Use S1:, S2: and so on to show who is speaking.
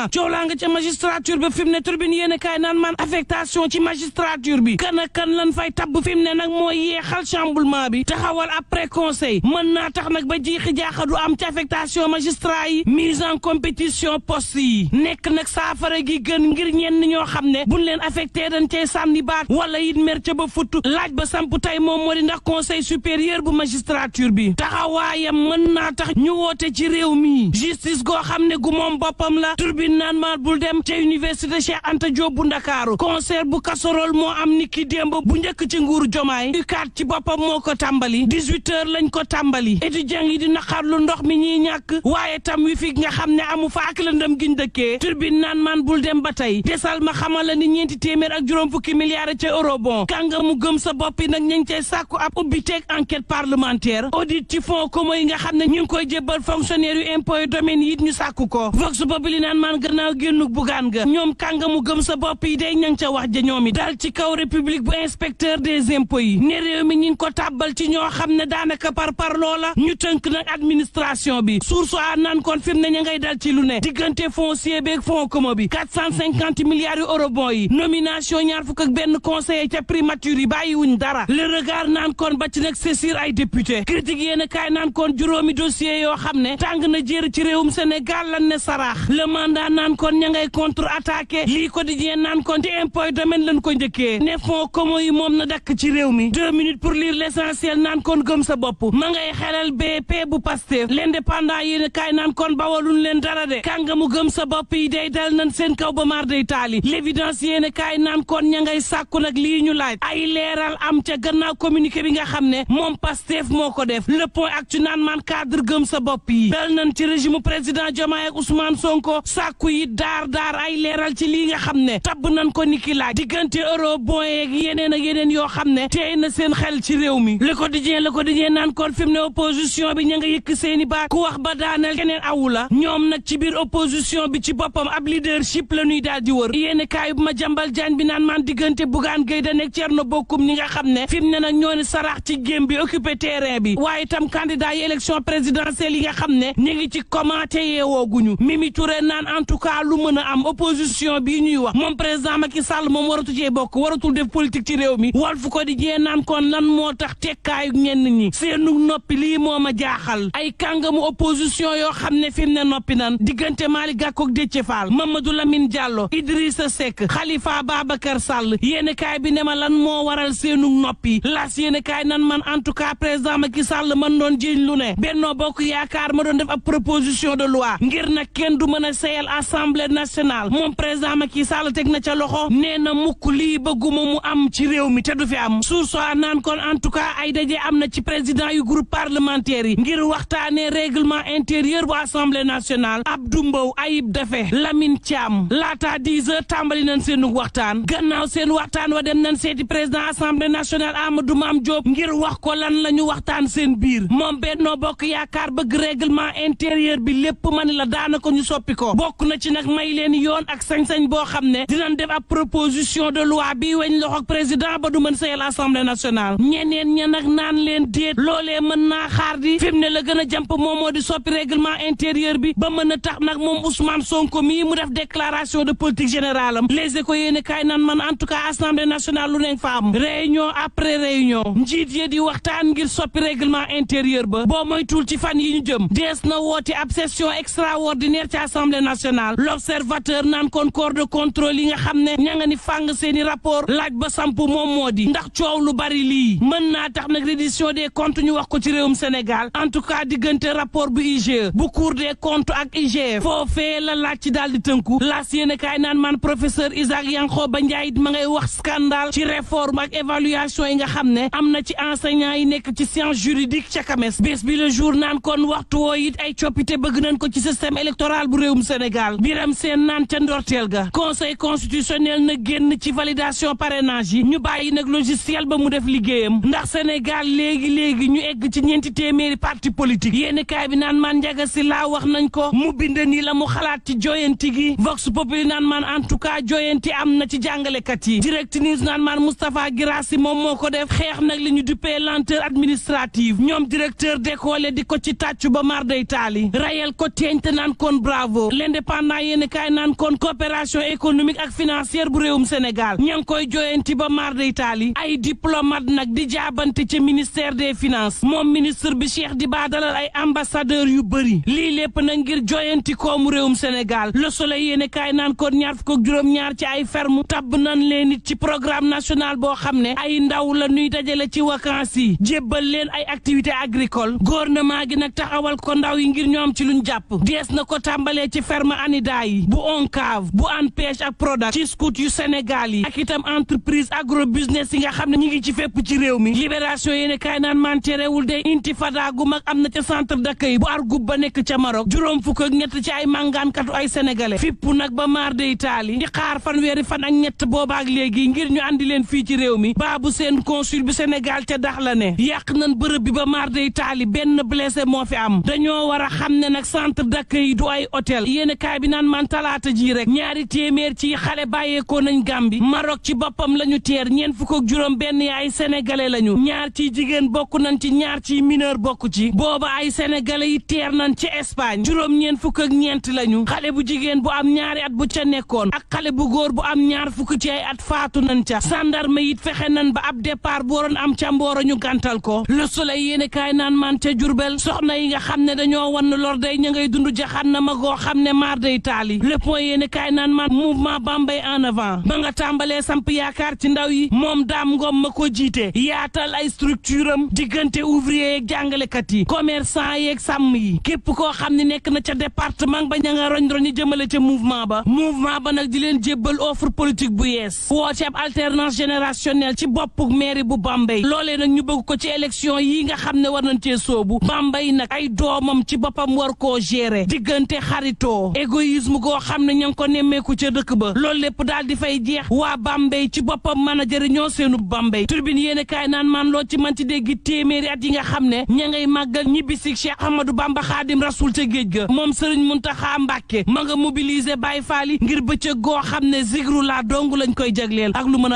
S1: an coow laa nga ca magistrature ba fi mu ne turbine yéen a kaay naan maan affectation ci magistrature bi kan ak kan lan fay tabb fi nag mooy yeexal chamboulement bi taxawal après conseil mën naa tax nag ba jiixi jaaxadu am ci affectation magistrat yi mise en compétition yi nekk nag saafara gi gën ngir ñenn ñoo xam ne buñ leen affecté dañ cay sànni baat wala it mer ca ba futt laaj ba samp tey moom moo di ndax conseil supérieur bu magistrature bi taxawaayam mën naa tax ñu woote ci réew mi tribune naan ma bul dem ca université Cheikh Anta Diop bu Ndakaaru concert bu casserole moo am ni ki démb bu njëkk ci nguur Jomaay UCAD ci boppam moo ko tàmbali 18 heures lañ ko tàmbali étudiants yi di naqarlu ndox mi ñuy ñàkk waaye tam wi fi nga xam ne amu fa ak lëndëm giñ dëkkee tribune naan man bul dem ba tey desal ma xamal la ni ñeenti téeméer ak juróom fukki milliards ca eurobond kànga mu gëm sa bopp yi nag ñu ngi cay sàkku ab ubbi teeg enquête parlementaire audit ci fonds commun yi nga xam ne ñu ngi koy jébbal fonctionnaire yu impôt domaine yi ñu sàkku ko gannaaw génnu bugaan ga ñoom kàngamu gëm sa bopp yi day ña ca wax ja ñoom yi dal ci kaw république bu inspecteur des impôts yi ne réew mi ñi ngi ko tàbbal ci ñoo ne daanaka par par loola ñu tënk nag administration bi source a naan kon fi mu ne ña ngay dal ci lu ne diggante foncier beeg fonds commun bi 450 milliards yu eurobond yi nomination ñaar fukk ak benn conseiller ca primature yi bàyyiwuñ dara le regard naan kon ba ci nag saisir ay député critique yéen a kaay naan kon na jéer ci réewum Sénégal lan ne saraax mandat naan kon ña ngay contre attaqué lii quotidien naan kon ci impôt domaine lañ ko njëkkee ne fonds commun yi moom na dakk ci réew mi deux minutes pour lire l'essentiel naan kon gëm sa bopp ma ngay xelal BP bu Pastef l'indépendant yéen kaay naan kon bawaluñ leen dara de kàngamu gëm sa bopp yi day dal nañ seen kaw ba maar day taali l'évidence yéen kaay naan kon ña ngay sàkku nag lii ñu ay leeral am ca gannaaw communiqué bi nga xam ne moom Pastef moo ko def le point ak ci naan man cadre gëm sa bopp yi dal nañ ci régime président Diomaye ak kuy daar daar ay leeral ci lii nga xam ne tabb nañ ko niki laaj diggante eurobond yeeg yeneen a yeneen yoo xam ne tey na seen xel ci réew mi Le Quotidien Le Quotidien naan kon fi mu ne opposition bi ña nga yëkk seeni baat ku wax ba daaneel keneen awu la ñoom nag ci biir opposition bi ci boppam ab leadership la ñuy daal di wër yéen kaay bu ma jambal jaan bi naan man diggante gay da Dany ak Thierno Bocoum ni nga xam ne fi ne nag ñoo ne sarax ci gém bi occupé terrain bi waaye itam candidat yi élection présidentielle yi nga xam ne ñu ngi ci commenté yeewooguñu tout cas lu mën a am opposition bii ñuy wax moom président Macky Sall moom waratu cee bokk waratul def politique ci réew mi Walf Quotidien naan kon lan moo tax tekkaayu ñenn ñi seenu noppi lii moom a jaaxal ay kàngamu opposition yoo xam ne fi mu ne noppi nan diggante maali Malick Gakou ak Déthié Fall Mamadou Lamine Diallo Idrissa Seck Khalifa Babacar Sall yéen kaay bi ne ma lan moo waral seenu noppi las yéen kaay nan man en tout cas président Macky Sall man doon jiñ lu ne Benno Bokk Yaakaar doon def ab proposition de loi ngir nag assemblée nationale moom président Macky Sall teg na ca loxo nee na mukk lii bëgguma mu am ci réew mi te du fi am sursoi naan kon en tout cas ay daje am na ci président yu groupe parlementaire yi ngir waxtaanee règlement intérieur bu assemblée nationale Abdou Mbow Ayib Dafe Lamine Thiam laataa 10 heures tambali nañ seen waxtaan gannaaw seen waxtaan wa dem nañ seeti président assemblée nationale Amadou Mame Diop ngir wax ko lan la ñu waxtaan seen biir moom Benno Bokk Yaakaar bëgg règlement intérieur bi lépp mën la daanaka na ci nag may leen yoon ak sañ-sañ boo xam ne dinañ def ab proposition de loi bi weñ loxoog président ba du mën sayal assemblée nationale ñeneen ña nag naan leen déet loolee mën naa xaar di fi mu ne la gën a jàmp moom moo di soppi règlement intérieur bi ba mën a tax nag moom Ousmane Sonko mii mu def déclaration de politique générale am les échos yéene kaay naan man en tout cas assemblée nationale lu ne fa am réunion après réunion njiit yi di waxtaan ngir soppi règlement intérieur ba boo moytuwul ci fan yi ñu jëm dees na nationale l'observateur naan kon corps de contrôle yi nga xam ne ña nga ni fàng laaj ba samp moom moo di ndax coow lu bari lii mën naa tax nag reddition des ñu wax ko ci réewum Sénégal en tout cas diggante rapport bu IGE bu cour des comptes ak IGF e foofee la laaj ci daal di tënku laas yéen kaay naan man professeur Isaac Yankhoba Ndiaye ma ngay wax scandale ci réforme ak évaluation yi nga xam ne am na ci enseignants yi nekk ci science juridique ca CAMES bés bi le jour naan kon waxtu woo it Sénégal Biram Seen naan ca ndorteel ga conseil constitutionnel na génn ci validation parrainage ñu bàyyi nag logiciel ba mu def liggéeyam ndax Sénégal léegi léegi ñu egg ci ñeenti téeméeri parti politique yéeni kaay bi naan maan njaga laa wax nañ ko mu bind nii la mu xalaat ci joyanti gi Vox Populi naan maan en tout cas joyanti am na ci jàngalekat yi Direct News naan maan Moustapha Guirassy moom moo ko def xeex nag li ñu duppee lenteur administrative ñoom directeur d'école di ko ci ba mar day indépendant yéen kaay naan kon coopération économique ak financière bu réewum Sénégal ña ngi koy joyanti ba mar de Italie ay diplomate nag di jaabante ci ministère des finances moom ministre bi Cheikh di dalal ay ambassadeur yu bëri lii lépp na ngir joyanti koomu réewum Sénégal Le Soleil yéen kaay naan kon ñaar fukk ak juróom-ñaar ci ay ferme tabb nan leen it ci programme national boo xam ne ay ndaw la ñuy dajale ci vacances yi jébbal leen ay activité agricole gouvernement gi nag taxawal ko ndaw yi ci luñ jàpp ANIDA yi bu ONCAV bu ANPEJ ak PRODAC ci scout yu Sénégal yi ak itam entreprise agro business yi nga xam ne ñu ngi ci fépp ci réew mi libération yéen kaay naan man terewul de intifada gu mag am na ca centre d'accueil bu Argup ba nekk ca Maroc juróom fukk ak ñett ci ay màngaankatu ay sénégalais fippu nag ba maar de Italie di xaar fanweeri fan ak ñett boobaak léegi ngir ñu andi leen fii ci réew mi baabu seen consul bu Sénégal ca dax la ne yàq nañ bërëb bi ba maar de Italie benn blessé moo fi am dañoo war a xam ne nag centre d'accueil du ay hôtel yéen kaay kaay bi naan man talaata ji rek ñaari téeméer ci xale bàyyeekoo nañ Gàmbi Maroc ci boppam la ñu teer ñeent fukk juróom benn ay sénégalais lañu ñaar ci jigéen bokk nañ ci ñaar ci mineur bokk ci booba ay sénégalais yi teer nañ ci Espagne juróom ñeent fukk lañu xale bu jigéen bu am ñaari at bu ca nekkoon ak xale bu góor bu am ñaar fukk ci ay at faatu nañ ca sandarme it fexe nañ ba ab départ bu waroon am ca mbooro ñu gàntal ko Le Soleil yéene kaay naan man ca Jurbel soxna yi nga xam ne dañoo wann lor day ña ngay dund jaxan na ma xam ne maar day taali le point yéen kaay naan man mouvement Bambey en avant banga nga tàmbalee samp yaakaar ci ndaw yi moom daam ngoom ma ko jiite yaatal ay structure am diggante ouvrier yeeg jàngalekat yi commerçant yeeg sàmm yi képp koo xam ni nekk na ca département ba ña nga roñ roñu jëmale ca mouvement ba mouvement ba nag di leen jébbal offre politique bu yees woo ci ab alternance générationnelle ci boppu mairie bu Bambey loole nag ñu bëgg ko ci élection yi nga xam ne war nañ cee soobu Bambey nag ay doomam ci boppam war koo gérer diggante xaritoo égoïsme goo xam ne ña ngi ko nemmeeku ca dëkk ba loolu lépp daal di fay jeex waa Bambey ci boppam mën a jëriñoo seenu Bambey turbine yéen kaay naan man lo ci man ci dégg téeméeri at yi nga xam ne ña ngay màggal ñibbisi Cheikh Ahmadou Bamba Xaadim Rasul ca géej ga moom Serigne Mountakha Mbacké ma nga mobiliser Baye Fall yi ngir bëccëg goo xam ne zigru laa dong lañ koy jagleel ak lu mën